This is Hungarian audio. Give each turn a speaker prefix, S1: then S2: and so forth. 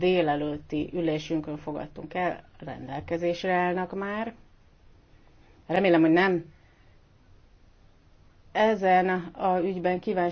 S1: délelőtti ülésünkön fogadtunk el, rendelkezésre állnak már. Remélem, hogy nem ezen a
S2: ügyben kíváncsi